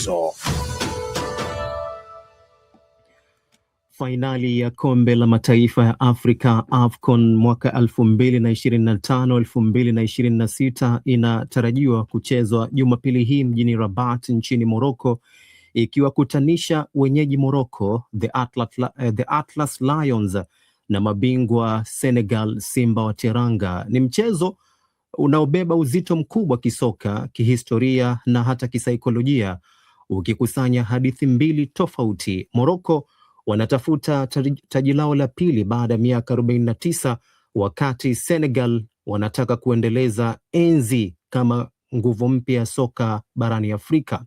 michezo. Fainali ya kombe la mataifa ya Afrika AFCON mwaka 2025 2026 inatarajiwa kuchezwa Jumapili hii mjini Rabat nchini Morocco, ikiwakutanisha wenyeji Morocco the Atlas, the Atlas Lions na mabingwa Senegal Simba wa Teranga. Ni mchezo unaobeba uzito mkubwa kisoka, kihistoria na hata kisaikolojia ukikusanya hadithi mbili tofauti. Moroko wanatafuta taji lao la pili baada ya miaka 49 wakati Senegal wanataka kuendeleza enzi kama nguvu mpya ya soka barani Afrika.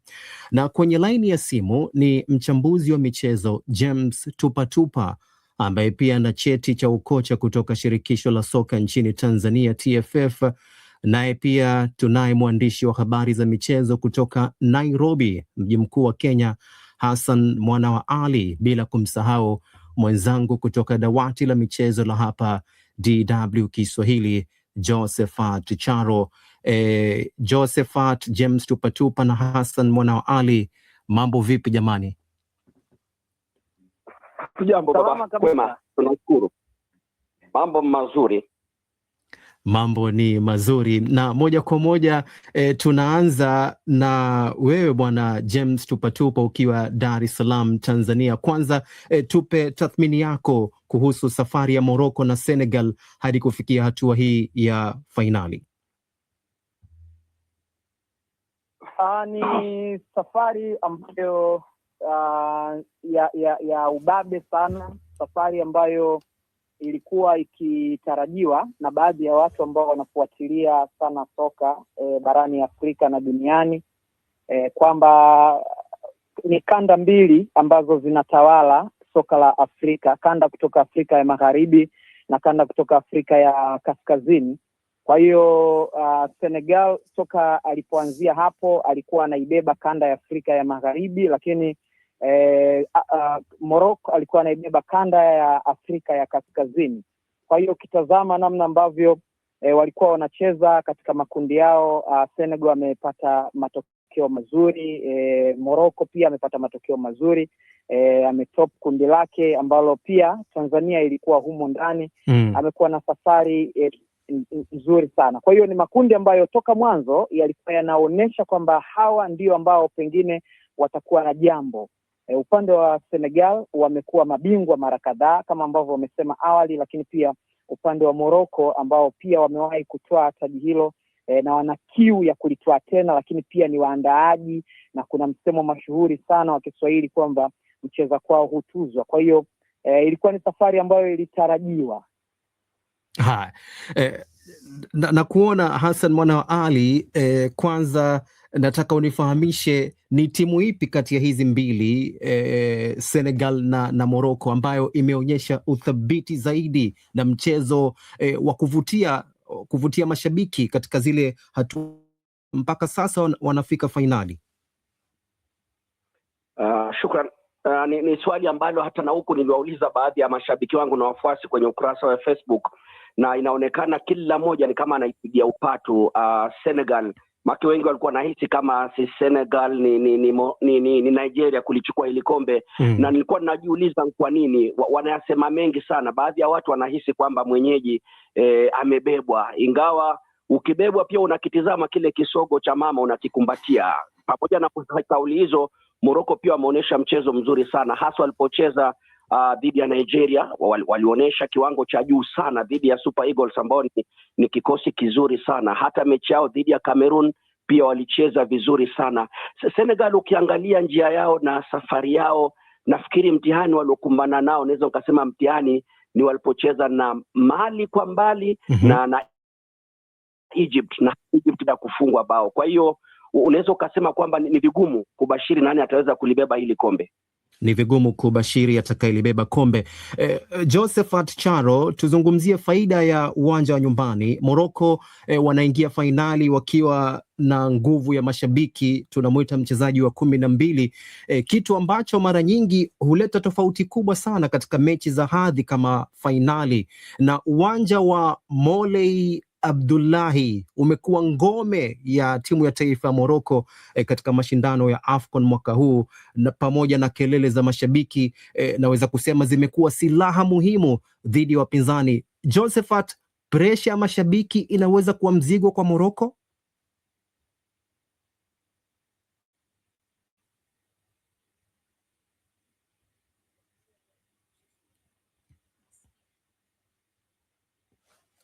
Na kwenye laini ya simu ni mchambuzi wa michezo James Tupatupa ambaye pia ana cheti cha ukocha kutoka shirikisho la soka nchini Tanzania TFF Naye pia tunaye mwandishi wa habari za michezo kutoka Nairobi, mji mkuu wa Kenya, Hassan Mwana wa Ali, bila kumsahau mwenzangu kutoka dawati la michezo la hapa DW Kiswahili, Josephat Charo. E, Josephat James Tupatupa na Hassan Mwana wa Ali, mambo vipi jamani? Tujambo baba, kwema, tunashukuru. Mambo mazuri Mambo ni mazuri na moja kwa moja e, tunaanza na wewe bwana James Tupatupa ukiwa Dar es Salaam Tanzania. Kwanza e, tupe tathmini yako kuhusu safari ya moroko na Senegal hadi kufikia hatua hii ya fainali. Ah, ni safari ambayo uh, ya, ya, ya ubabe sana, safari ambayo ilikuwa ikitarajiwa na baadhi ya watu ambao wanafuatilia sana soka e, barani Afrika na duniani e, kwamba ni kanda mbili ambazo zinatawala soka la Afrika, kanda kutoka Afrika ya Magharibi na kanda kutoka Afrika ya Kaskazini. Kwa hiyo uh, Senegal soka alipoanzia hapo alikuwa anaibeba kanda ya Afrika ya Magharibi, lakini eh, uh, Morocco alikuwa anaibeba kanda ya Afrika ya Kaskazini. Kwa hiyo ukitazama namna ambavyo e, walikuwa wanacheza katika makundi yao, Senegal amepata matokeo mazuri e, Morocco pia amepata matokeo mazuri e, ametop kundi lake ambalo pia Tanzania ilikuwa humo ndani mm. Amekuwa na safari e, nzuri sana. Kwa hiyo ni makundi ambayo toka mwanzo yalikuwa yanaonyesha kwamba hawa ndio ambao pengine watakuwa na jambo E, upande wa Senegal wamekuwa mabingwa mara kadhaa kama ambavyo wamesema awali, lakini pia upande wa Morocco ambao pia wamewahi kutoa taji hilo e, na wana kiu ya kulitoa tena, lakini pia ni waandaaji na kuna msemo mashuhuri sana wa Kiswahili kwamba mcheza kwao hutuzwa. Kwa hiyo e, ilikuwa ni safari ambayo ilitarajiwa. Ha, eh, na, na kuona Hassan mwana wa Ali eh, kwanza nataka unifahamishe ni timu ipi kati ya hizi mbili e, Senegal na, na Morocco ambayo imeonyesha uthabiti zaidi na mchezo e, wa kuvutia kuvutia mashabiki katika zile hatua mpaka sasa wanafika fainali? Uh, ah, shukran. Uh, ni, ni swali ambalo hata na huku niliwauliza baadhi ya mashabiki wangu na wafuasi kwenye ukurasa wa Facebook na inaonekana kila mmoja ni kama anaipigia upatu uh, Senegal maki wengi walikuwa nahisi kama si Senegal ni ni, ni, ni, ni, ni Nigeria kulichukua hili kombe mm. na nilikuwa ninajiuliza kwa nini wanayasema mengi sana. Baadhi ya watu wanahisi kwamba mwenyeji eh, amebebwa, ingawa ukibebwa pia unakitizama kile kisogo cha mama unakikumbatia. Pamoja na kauli hizo, Moroko pia wameonyesha mchezo mzuri sana, hasa walipocheza uh, dhidi ya Nigeria walionyesha kiwango cha juu sana dhidi ya Super Eagles ambao ni, ni kikosi kizuri sana. Hata mechi yao dhidi ya Cameroon pia walicheza vizuri sana. Senegal ukiangalia njia yao na safari yao, nafikiri mtihani waliokumbana nao, naweza ukasema mtihani ni walipocheza na Mali kwa mbali mm -hmm. na, na Egypt na Egypt na kufungwa bao. Kwa hiyo unaweza ukasema kwamba ni vigumu kubashiri nani ataweza kulibeba hili kombe ni vigumu kubashiri atakayelibeba kombe. Eh, Josephat Charo, tuzungumzie faida ya uwanja wa nyumbani. Moroko Eh, wanaingia fainali wakiwa na nguvu ya mashabiki, tunamwita mchezaji wa kumi na mbili eh, kitu ambacho mara nyingi huleta tofauti kubwa sana katika mechi za hadhi kama fainali, na uwanja wa Molei Abdullahi umekuwa ngome ya timu ya taifa ya Morocco eh, katika mashindano ya AFCON mwaka huu na pamoja na kelele za mashabiki eh, naweza kusema zimekuwa silaha muhimu dhidi ya wapinzani. Josephat, presha ya mashabiki inaweza kuwa mzigo kwa Morocco?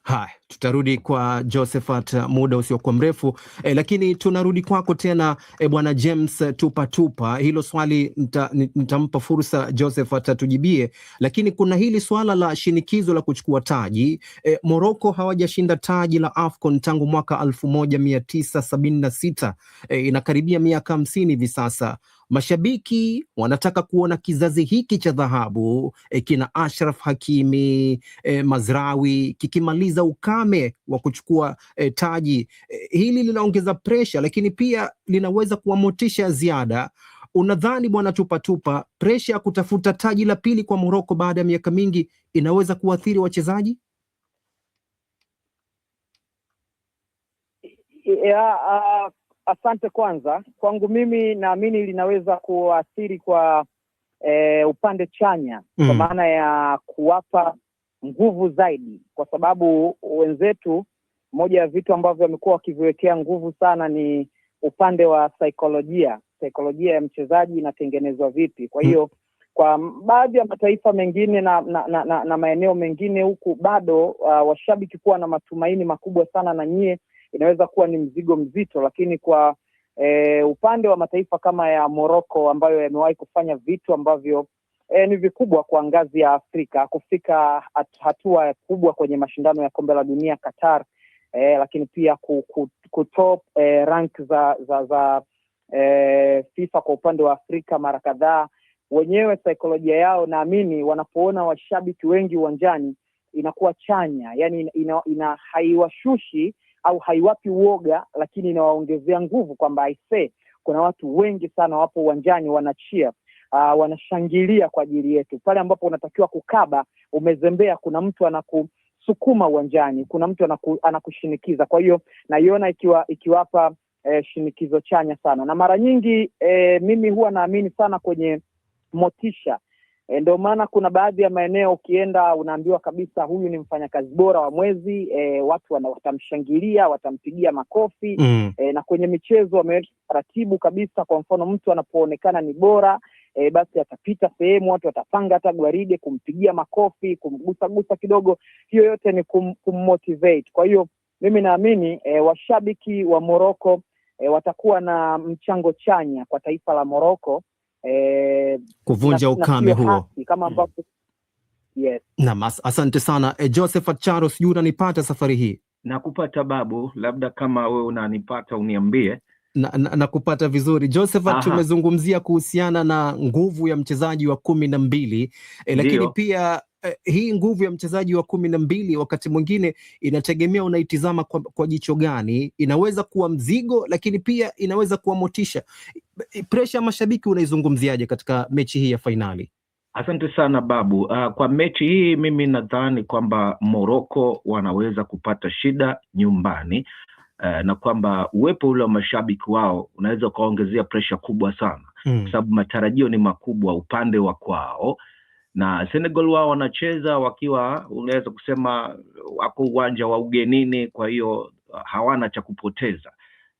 Haya, tutarudi kwa Josephat uh, muda usiokuwa mrefu e, lakini tunarudi kwako tena e, bwana James uh, tupa tupa hilo swali nita, nitampa fursa Josephat atujibie, lakini kuna hili swala la shinikizo la kuchukua taji e, Morocco hawajashinda taji la AFCON tangu mwaka elfu moja mia tisa sabini na sita e, inakaribia miaka hamsini hivi sasa. Mashabiki wanataka kuona kizazi hiki cha dhahabu e, kina Ashraf Hakimi e, Mazrawi kikimaliza ukame wa kuchukua e, taji e, hili linaongeza presha, lakini pia linaweza kuwamotisha ziada. Unadhani bwana Tupatupa, presha ya kutafuta taji la pili kwa Moroko baada ya miaka mingi inaweza kuathiri wachezaji? Yeah, uh, Asante. Kwanza kwangu mimi naamini linaweza kuathiri kwa e, upande chanya mm, kwa maana ya kuwapa nguvu zaidi, kwa sababu wenzetu, moja ya vitu ambavyo wamekuwa wakiviwekea nguvu sana ni upande wa saikolojia, saikolojia ya mchezaji inatengenezwa vipi. Kwa hiyo mm, kwa baadhi ya mataifa mengine na, na, na, na, na maeneo mengine huku bado uh, washabiki kuwa na matumaini makubwa sana na nyie inaweza kuwa ni mzigo mzito, lakini kwa e, upande wa mataifa kama ya Morocco ambayo yamewahi kufanya vitu ambavyo e, ni vikubwa kwa ngazi ya Afrika, kufika hatua kubwa kwenye mashindano ya kombe la dunia Qatar, e, lakini pia kutop e, rank za za, za e, FIFA kwa upande wa Afrika mara kadhaa wenyewe saikolojia yao naamini wanapoona washabiki wengi uwanjani inakuwa chanya, yani ina, ina haiwashushi au haiwapi uoga, lakini inawaongezea nguvu kwamba aisee, kuna watu wengi sana wapo uwanjani wanachia Uh, wanashangilia kwa ajili yetu. Pale ambapo unatakiwa kukaba, umezembea, kuna mtu anakusukuma uwanjani, kuna mtu anaku, anakushinikiza. Kwa hiyo naiona ikiwa ikiwapa eh, shinikizo chanya sana, na mara nyingi eh, mimi huwa naamini sana kwenye motisha E, ndio maana kuna baadhi ya maeneo ukienda unaambiwa kabisa huyu ni mfanyakazi bora wa mwezi e, watu wana, watamshangilia watampigia makofi mm. E, na kwenye michezo wameweka taratibu kabisa. Kwa mfano mtu anapoonekana ni bora e, basi atapita sehemu, watu watapanga hata gwaride kumpigia makofi, kumgusagusa kidogo. Hiyo yote ni kum, kummotivate. Kwa hiyo mimi naamini e, washabiki wa Moroko e, watakuwa na mchango chanya kwa taifa la Moroko eh, kuvunja ukame huo kama mm. yes. Naam, asante sana e, eh, Josephat Acharo, sijui unanipata safari hii? Nakupata babu, labda kama wewe unanipata uniambie nakupata na, na vizuri Josephat, tumezungumzia kuhusiana na nguvu ya mchezaji wa kumi na mbili e, lakini pia eh, hii nguvu ya mchezaji wa kumi na mbili wakati mwingine inategemea unaitizama kwa, kwa jicho gani. Inaweza kuwa mzigo, lakini pia inaweza kuwa motisha. Eh, presha ya mashabiki unaizungumziaje katika mechi hii ya fainali? Asante sana Babu. Uh, kwa mechi hii mimi nadhani kwamba Moroko wanaweza kupata shida nyumbani, uh, na kwamba uwepo ule wa mashabiki wao unaweza ukawaongezea presha kubwa sana, hmm. kwa sababu matarajio ni makubwa upande wa kwao na Senegal wao wanacheza wakiwa unaweza kusema wako uwanja wa ugenini, kwa hiyo uh, hawana cha kupoteza,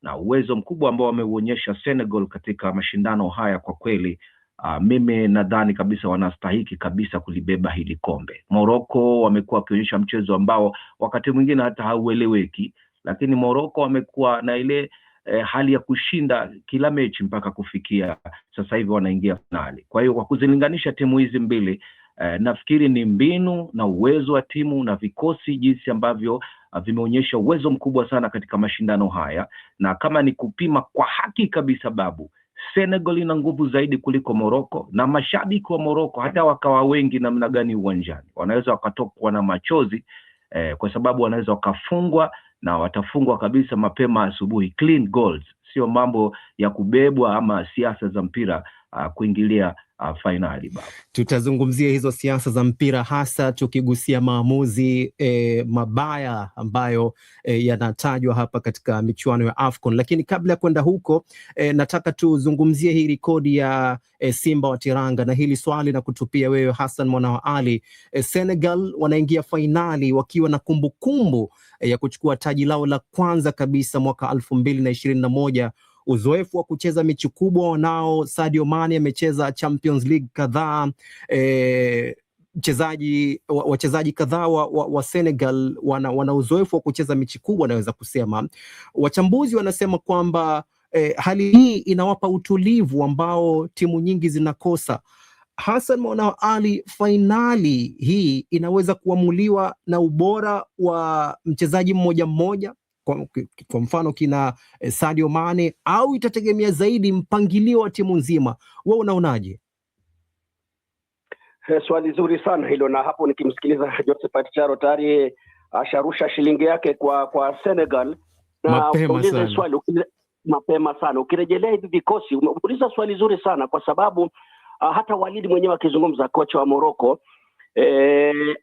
na uwezo mkubwa ambao wameuonyesha Senegal katika mashindano haya kwa kweli Uh, mimi nadhani kabisa wanastahiki kabisa kulibeba hili kombe. Morocco wamekuwa wakionyesha mchezo ambao wakati mwingine hata haueleweki, lakini Morocco wamekuwa na ile eh, hali ya kushinda kila mechi mpaka kufikia sasa hivi wanaingia finali. Kwa hiyo kwa kuzilinganisha timu hizi mbili eh, nafikiri ni mbinu na uwezo wa timu na vikosi jinsi ambavyo ah, vimeonyesha uwezo mkubwa sana katika mashindano haya, na kama ni kupima kwa haki kabisa, babu Senegal ina nguvu zaidi kuliko Moroko, na mashabiki wa Moroko hata wakawa wengi namna gani uwanjani, wanaweza wakatokwa na machozi eh, kwa sababu wanaweza wakafungwa na watafungwa kabisa mapema asubuhi. Clean goals, sio mambo ya kubebwa ama siasa za mpira uh, kuingilia uh, fainali. Tutazungumzia hizo siasa za mpira hasa tukigusia maamuzi eh, mabaya ambayo eh, yanatajwa hapa katika michuano ya AFCON, lakini kabla ya kwenda huko eh, nataka tuzungumzie hii rekodi ya eh, Simba wa tiranga na hili swali na kutupia wewe Hassan mwana wa Ali. Eh, Senegal wanaingia fainali wakiwa na kumbukumbu kumbu, eh, ya kuchukua taji lao la kwanza kabisa mwaka elfu mbili na ishirini na moja uzoefu wa kucheza mechi kubwa wanao. Sadio Mane amecheza Champions League kadhaa e, mchezaji wachezaji kadhaa wa, wa, wa Senegal wana, wana uzoefu wa kucheza mechi kubwa, naweza kusema. Wachambuzi wanasema kwamba eh, hali hii inawapa utulivu ambao timu nyingi zinakosa. Hassan Mwanao Ali, fainali hii inaweza kuamuliwa na ubora wa mchezaji mmoja mmoja, kwa, kwa mfano kina eh, Sadio Mane au itategemea zaidi mpangilio wa timu nzima? We unaonaje? Eh, swali zuri sana hilo, na hapo nikimsikiliza Josephat Charo tayari eh, asharusha shilingi yake kwa kwa Senegal na mapema sana. Swali, ukile, mapema sana ukirejelea hivi vikosi umeuliza swali zuri sana kwa sababu uh, hata Walidi mwenyewe akizungumza kocha wa Morocco eh,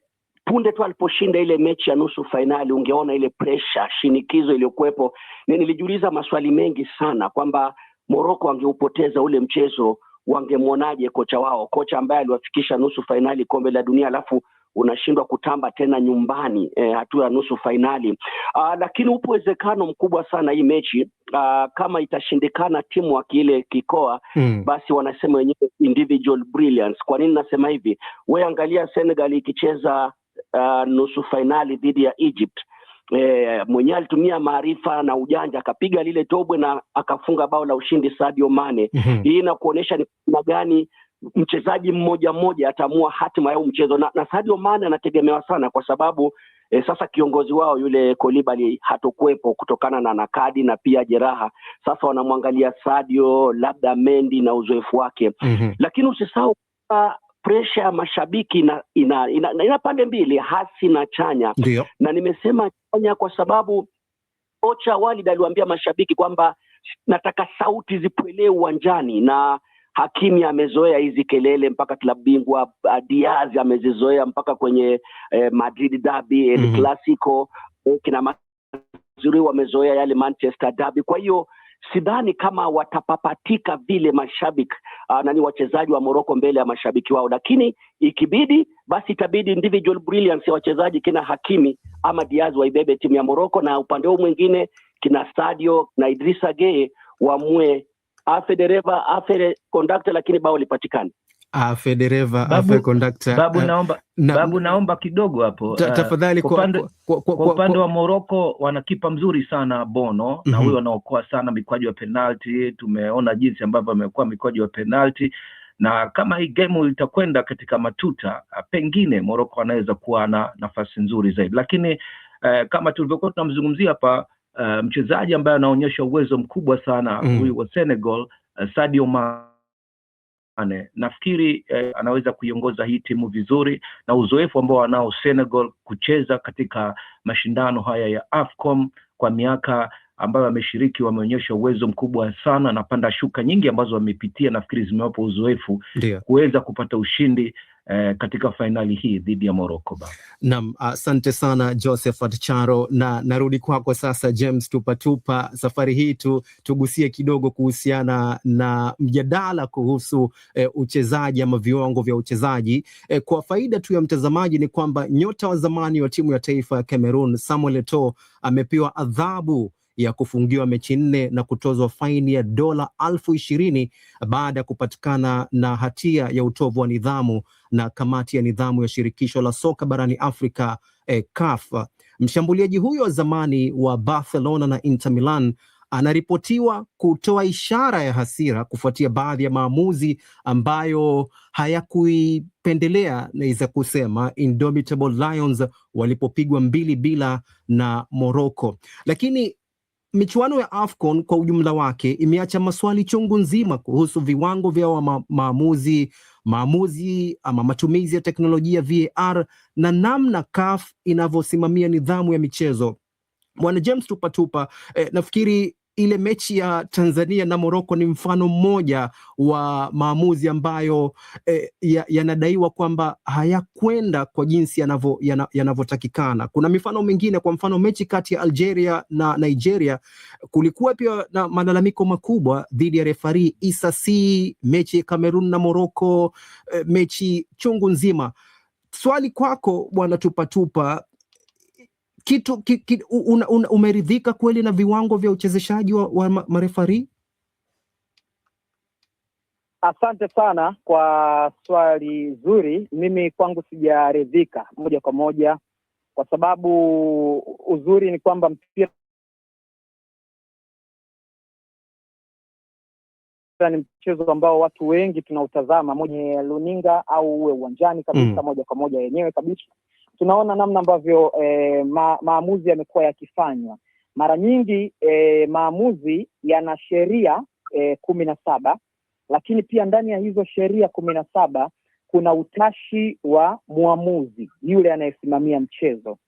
punde tu aliposhinda ile mechi ya nusu fainali, ungeona ile presha, shinikizo iliyokuwepo. Nilijiuliza maswali mengi sana kwamba Moroko wangeupoteza ule mchezo, wangemwonaje kocha wao, kocha ambaye aliwafikisha nusu fainali kombe la dunia, alafu unashindwa kutamba tena nyumbani eh, hatua ya nusu fainali. Ah, lakini upo uwezekano mkubwa sana hii mechi aa, ah, kama itashindikana timu wakiile kikoa mm, basi wanasema wenyewe individual brilliance. Kwa nini nasema hivi? We angalia Senegal ikicheza uh, nusu fainali dhidi ya Egypt. E, eh, mwenyewe alitumia maarifa na ujanja akapiga lile tobwe na akafunga bao la ushindi Sadio Mane. mm -hmm. Hii inakuonyesha ni gani mchezaji mmoja mmoja ataamua hatima ya mchezo na, na Sadio Mane anategemewa sana kwa sababu E, sasa kiongozi wao yule Kolibali hatokuwepo kutokana na nakadi na pia jeraha. Sasa wanamwangalia Sadio, labda Mendi na uzoefu wake mm -hmm. Lakini usisahau uh, presha ya mashabiki ina, ina, ina, ina pande mbili hasi na chanya. Ndiyo. Na nimesema chanya kwa sababu kocha Walid aliwaambia mashabiki kwamba nataka sauti zipwelee uwanjani na Hakimi amezoea hizi kelele mpaka klabu bingwa, Diaz amezizoea mpaka kwenye eh, Madrid derby El mm -hmm. Clasico, kina Mazuri wamezoea yale Manchester derby, kwa hiyo sidhani kama watapapatika vile mashabiki uh, nani wachezaji wa moroko mbele ya mashabiki wao, lakini ikibidi basi itabidi individual brilliance ya wachezaji kina Hakimi ama Diaz waibebe timu ya moroko na upande huu mwingine kina Sadio na idrisa gee wamue afe dereva afe lakini bao lipatikane afe ah, dereva afe ah, kondakta. Babu, ah, naomba, na, babu naomba kidogo hapo tafadhali. Kwa upande wa Moroko wana kipa mzuri sana Bono na mhm. huyo anaokoa sana mikwaju ya penalti. Tumeona jinsi ambavyo amekuwa mikwaju ya penalti na kama hii game itakwenda katika matuta, pengine Moroko anaweza kuwa na nafasi nzuri zaidi, lakini eh, kama tulivyokuwa tunamzungumzia hapa eh, mchezaji ambaye anaonyesha uwezo mkubwa sana mm. huyu mm. wa Senegal eh, Sadio Ma Mane nafikiri eh, anaweza kuiongoza hii timu vizuri na uzoefu ambao anao Senegal kucheza katika mashindano haya ya AFCON kwa miaka ambayo wameshiriki, wameonyesha uwezo mkubwa sana na panda shuka nyingi ambazo wamepitia, nafikiri zimewapa uzoefu kuweza kupata ushindi eh, katika fainali hii dhidi ya Morocco. Naam, asante sana Josephat Charo, na narudi kwako sasa James Tupatupa. Safari hii tu tugusie kidogo kuhusiana na mjadala kuhusu eh, uchezaji ama viwango vya uchezaji eh, kwa faida tu ya mtazamaji ni kwamba nyota wa zamani wa timu ya taifa ya Cameroon Samuel Eto'o amepewa adhabu ya kufungiwa mechi nne na kutozwa faini ya dola elfu ishirini baada ya kupatikana na hatia ya utovu wa nidhamu na kamati ya nidhamu ya shirikisho la soka barani Afrika eh, CAF. Mshambuliaji huyo wa zamani wa Barcelona na Inter Milan anaripotiwa kutoa ishara ya hasira kufuatia baadhi ya maamuzi ambayo hayakuipendelea, naweza kusema Indomitable Lions walipopigwa mbili bila na Morocco. Lakini michuano ya AFCON kwa ujumla wake imeacha maswali chungu nzima kuhusu viwango vya ma maamuzi maamuzi ama matumizi ya teknolojia VAR na namna CAF inavyosimamia nidhamu ya michezo. Bwana James Tupatupa eh, nafikiri ile mechi ya Tanzania na Moroko ni mfano mmoja wa maamuzi ambayo eh, yanadaiwa ya kwamba hayakwenda kwa jinsi yanavyotakikana. Ya kuna mifano mingine, kwa mfano mechi kati ya Algeria na Nigeria kulikuwa pia na malalamiko makubwa dhidi ya refari Issa C, mechi ya Cameroon na Moroko eh, mechi chungu nzima. Swali kwako Bwana Tupatupa, kitu ki, ki, una, una, umeridhika kweli na viwango vya uchezeshaji wa, wa marefari? Asante sana kwa swali zuri. Mimi kwangu sijaridhika moja kwa moja, kwa sababu uzuri ni kwamba mpira ni mchezo ambao watu wengi tunautazama mwenye luninga au uwe uwanjani kabisa, mm. moja kwa moja yenyewe kabisa tunaona namna ambavyo e, ma, maamuzi yamekuwa yakifanywa. Mara nyingi e, maamuzi yana sheria e, kumi na saba, lakini pia ndani ya hizo sheria kumi na saba kuna utashi wa mwamuzi yule anayesimamia mchezo.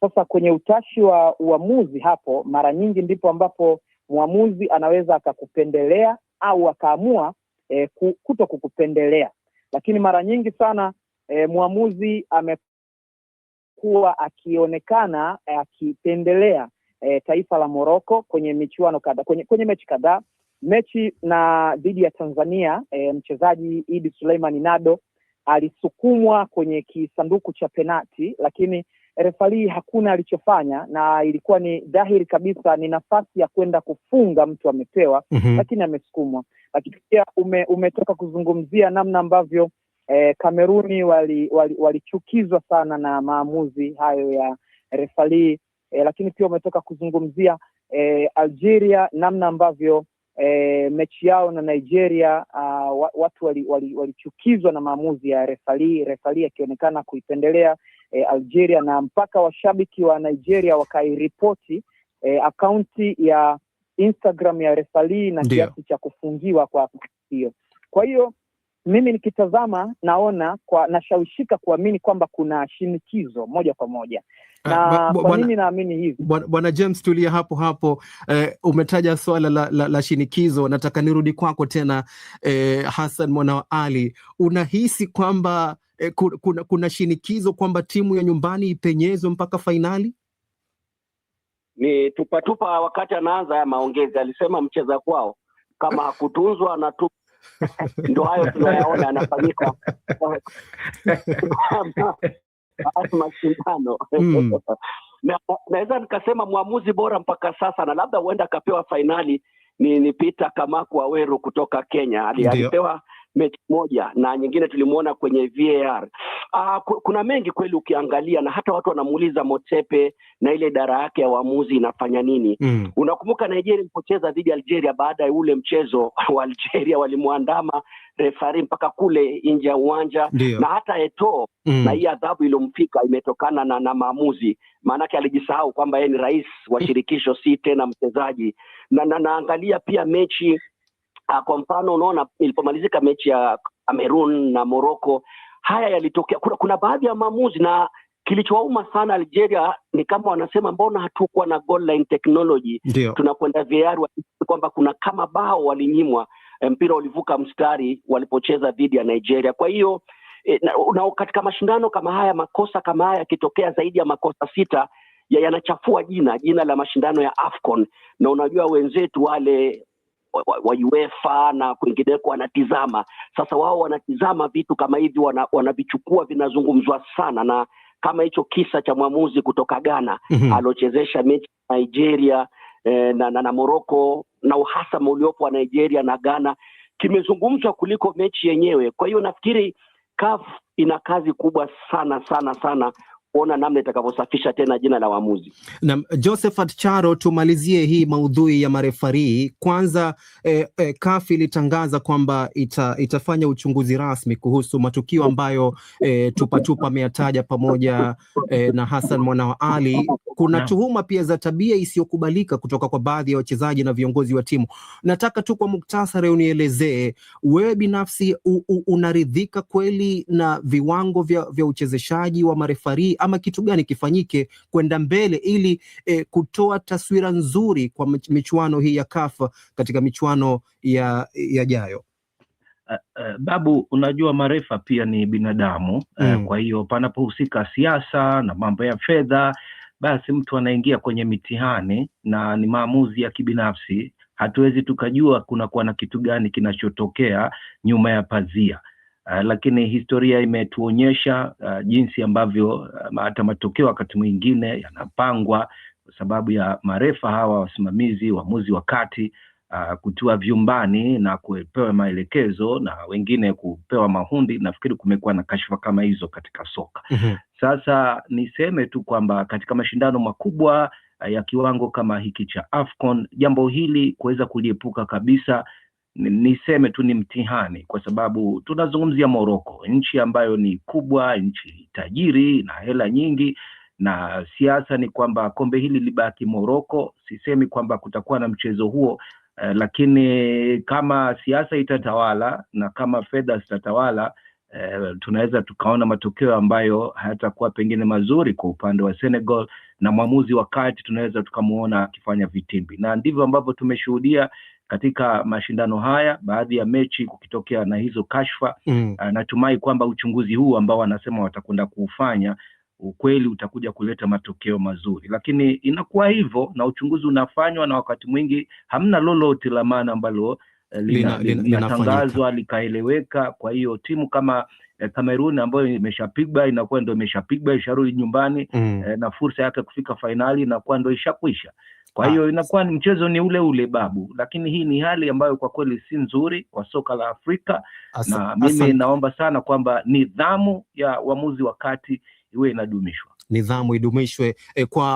Sasa kwenye utashi wa uamuzi, hapo mara nyingi ndipo ambapo mwamuzi anaweza akakupendelea au akaamua e, kuto kukupendelea, lakini mara nyingi sana e, mwamuzi ame kuwa akionekana eh, akipendelea e, taifa la Moroko kwenye michuano kadha kwenye, kwenye mechi kadhaa mechi na dhidi ya Tanzania e, mchezaji Idi Suleiman Nado alisukumwa kwenye kisanduku cha penati, lakini refali hakuna alichofanya, na ilikuwa ni dhahiri kabisa ni nafasi ya kwenda kufunga mtu amepewa, mm -hmm. lakini amesukumwa. Lakini pia ume, umetoka kuzungumzia namna ambavyo e, Kameruni walichukizwa wali, wali sana na maamuzi hayo ya refali e, lakini pia wametoka kuzungumzia e, Algeria namna ambavyo e, mechi yao na Nigeria ah, a, watu walichukizwa wali, wali na maamuzi ya refali, refali akionekana kuipendelea e, Algeria na mpaka washabiki wa Nigeria wakairipoti e, akaunti ya Instagram ya refali na kiasi cha kufungiwa kwa hiyo. Kwa hiyo mimi nikitazama naona kwa nashawishika kuamini kwamba kuna shinikizo moja kwa moja ah, na kwa nini naamini hivi? Bwana James, tulia hapo hapo. Eh, umetaja swala la, la, la shinikizo. Nataka nirudi kwako tena eh, Hassan mwana wa Ali, unahisi kwamba eh, kuna, kuna shinikizo kwamba timu ya nyumbani ipenyezwe mpaka fainali? Ni tupatupa. Wakati anaanza haya maongezi alisema mcheza kwao kama hakutunzwa na tu ndo hayo tunayaona anafanyika mashindano hmm. naweza nikasema mwamuzi bora mpaka sasa na labda huenda akapewa fainali ni, ni Peter Kamaku Aweru kutoka Kenya. Ali, alipewa mechi moja na nyingine tulimwona kwenye VAR. Aa, ah, kuna mengi kweli ukiangalia, na hata watu wanamuuliza Motepe na ile idara yake ya uamuzi inafanya nini? Mm. Unakumbuka Nigeria ilipocheza dhidi ya Algeria, baada ya ule mchezo wa Algeria walimwandama refari mpaka kule nje ya uwanja na hata Eto mm. na hii adhabu iliyomfika imetokana na, na maamuzi, maanake alijisahau kwamba yeye ni rais wa mm. shirikisho si tena mchezaji. Na naangalia na, pia mechi Uh, kwa mfano unaona ilipomalizika mechi ya Cameroon na Morocco, haya yalitokea. Kuna, kuna baadhi ya maamuzi na kilichowauma sana Algeria ni kama wanasema mbona hatukuwa na goal line technology, tunakwenda vr kwamba kuna kama bao walinyimwa, eh, mpira ulivuka mstari walipocheza dhidi ya Nigeria. Kwa hiyo e, na, na katika mashindano kama haya makosa kama haya yakitokea zaidi ya makosa sita ya yanachafua jina jina la mashindano ya AFCON, na unajua wenzetu wale wa, wa UEFA na kwingineko wanatizama. Sasa wao wanatizama vitu kama hivi, wanavichukua, wana vinazungumzwa sana, na kama hicho kisa cha mwamuzi kutoka Ghana mm -hmm. aliochezesha mechi Nigeria eh, na, na, na moroko na uhasama uliopo wa Nigeria na Ghana kimezungumzwa kuliko mechi yenyewe. Kwa hiyo nafikiri kaf ina kazi kubwa sana sana sana kuona namna itakavyosafisha tena jina la waamuzi. na Josephat Charo, tumalizie hii maudhui ya marefarii kwanza. Eh, eh, kafi ilitangaza kwamba ita, itafanya uchunguzi rasmi kuhusu matukio ambayo eh, Tupatupa ameyataja pamoja eh, na Hassan Mwana wa Ali kuna no. tuhuma pia za tabia isiyokubalika kutoka kwa baadhi ya wachezaji na viongozi wa timu. Nataka tu kwa muktasari unielezee wewe binafsi u, u, unaridhika kweli na viwango vya, vya uchezeshaji wa marefarii ama kitu gani kifanyike kwenda mbele ili eh, kutoa taswira nzuri kwa michuano hii ya kafa katika michuano yajayo Uh, Uh, Babu, unajua marefa pia ni binadamu mm. Uh, kwa hiyo panapohusika siasa na mambo ya fedha basi mtu anaingia kwenye mitihani na ni maamuzi ya kibinafsi. Hatuwezi tukajua kunakuwa na kitu gani kinachotokea nyuma ya pazia. Uh, lakini historia imetuonyesha uh, jinsi ambavyo ah, hata matokeo wakati mwingine yanapangwa kwa sababu ya marefa hawa wasimamizi, waamuzi wa kati uh, kutua vyumbani na kupewa maelekezo na wengine kupewa mahundi. Nafikiri kumekuwa na kashfa kama hizo katika soka. mm -hmm. Sasa niseme tu kwamba katika mashindano makubwa eh, ya kiwango kama hiki cha AFCON, jambo hili kuweza kuliepuka kabisa niseme tu ni mtihani, kwa sababu tunazungumzia Moroko, nchi ambayo ni kubwa, nchi tajiri na hela nyingi, na siasa ni kwamba kombe hili libaki Moroko. Sisemi kwamba kutakuwa na mchezo huo eh, lakini kama siasa itatawala na kama fedha zitatawala eh, tunaweza tukaona matokeo ambayo hayatakuwa pengine mazuri kwa upande wa Senegal, na mwamuzi wa kati tunaweza tukamwona akifanya vitimbi, na ndivyo ambavyo tumeshuhudia katika mashindano haya, baadhi ya mechi kukitokea na hizo kashfa mm. Eh, natumai kwamba uchunguzi huu ambao wanasema watakwenda kuufanya ukweli utakuja kuleta matokeo mazuri, lakini inakuwa hivyo na uchunguzi unafanywa, na wakati mwingi hamna lolote la maana ambalo linatangazwa eh, lina, lina, lina likaeleweka. Kwa hiyo timu kama Kamerun eh, ambayo imeshapigwa inakuwa ndo imeshapigwa isharudi nyumbani mm. eh, na fursa yake kufika fainali inakuwa ndo ishakwisha. Kwa ah. hiyo inakuwa ni mchezo ni ule ule babu, lakini hii ni hali ambayo kwa kweli si nzuri kwa soka la Afrika asa, na mimi asa, naomba sana kwamba nidhamu ya uamuzi wa kati iwe inadumishwa, nidhamu idumishwe e, kwa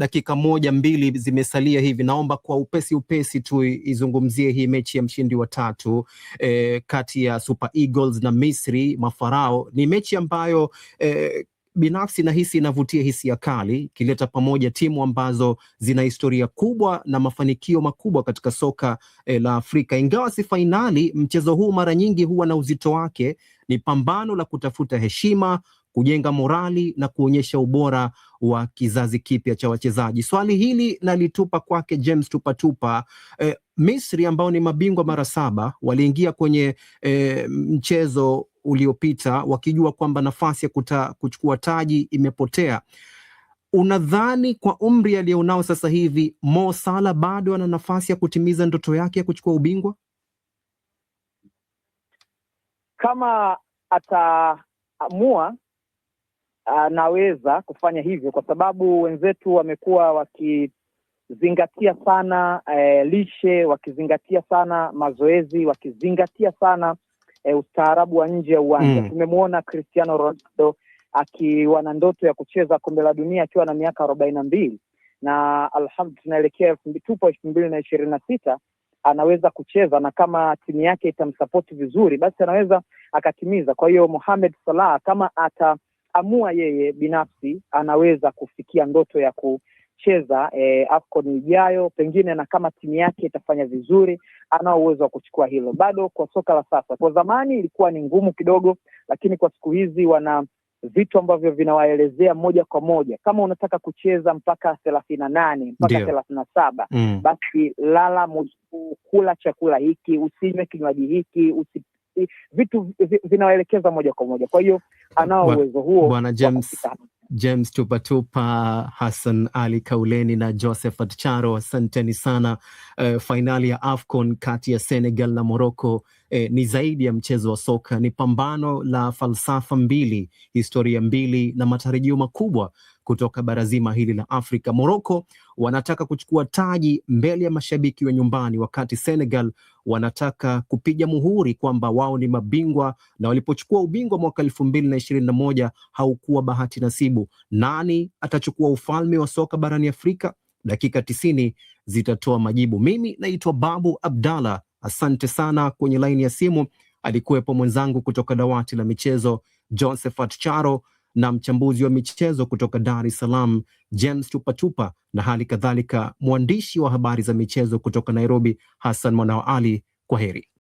dakika moja mbili zimesalia hivi, naomba kwa upesi upesi tu izungumzie hii mechi ya mshindi wa tatu eh, kati ya Super Eagles na Misri Mafarao. Ni mechi ambayo eh, binafsi nahisi inavutia hisia kali, ikileta pamoja timu ambazo zina historia kubwa na mafanikio makubwa katika soka eh, la Afrika. Ingawa si fainali, mchezo huu mara nyingi huwa na uzito wake, ni pambano la kutafuta heshima kujenga morali na kuonyesha ubora wa kizazi kipya cha wachezaji. Swali hili nalitupa kwake James Tupatupa. E, eh, Misri ambao ni mabingwa mara saba waliingia kwenye e, mchezo uliopita wakijua kwamba nafasi ya kuta, kuchukua taji imepotea. Unadhani kwa umri alionao sasa hivi Mo Salah bado ana nafasi ya kutimiza ndoto yake ya kuchukua ubingwa? Kama ataamua anaweza kufanya hivyo, kwa sababu wenzetu wamekuwa wakizingatia sana e, lishe, wakizingatia sana mazoezi, wakizingatia sana e, ustaarabu wa nje ya uwanja. Mm. Tumemwona Cristiano Ronaldo akiwa na ndoto ya kucheza kombe la dunia akiwa na miaka arobaini na mbili na alhamdu tunaelekea elfu tupo elfu mbili na ishirini na sita anaweza kucheza na kama timu yake itamsapoti vizuri, basi anaweza akatimiza. Kwa hiyo Mohamed Salah kama ata akiamua yeye binafsi anaweza kufikia ndoto ya kucheza eh, AFCON ijayo pengine, na kama timu yake itafanya vizuri, anao uwezo wa kuchukua hilo. Bado kwa soka la sasa, kwa zamani ilikuwa ni ngumu kidogo, lakini kwa siku hizi wana vitu ambavyo vinawaelezea moja kwa moja kama unataka kucheza mpaka thelathini na nane mpaka thelathini na saba mm. Basi lala, kula chakula hiki, usinywe kinywaji hiki, usi, vitu vinaelekeza moja kwa moja. Kwa hiyo anao uwezo huo Bwana James, James Tupatupa, Hassan Ali Kauleni na Josephat Charo, asanteni sana. Uh, eh, fainali ya AFCON kati ya Senegal na Morocco eh, ni zaidi ya mchezo wa soka, ni pambano la falsafa mbili, historia mbili na matarajio makubwa kutoka bara zima hili la Afrika. Morocco wanataka kuchukua taji mbele ya mashabiki wa nyumbani, wakati Senegal wanataka kupiga muhuri kwamba wao ni mabingwa, na walipochukua ubingwa mwaka elfu mbili na ishirini na moja haukuwa bahati nasibu. Nani atachukua ufalme wa soka barani Afrika? Dakika tisini zitatoa majibu. Mimi naitwa Babu Abdalla, asante sana. Kwenye laini ya simu alikuwepo mwenzangu kutoka dawati la michezo Josephat Charo na mchambuzi wa michezo kutoka Dar es Salaam James chupachupa na hali kadhalika mwandishi wa habari za michezo kutoka Nairobi Hassan Mwanao Ali. Kwa heri.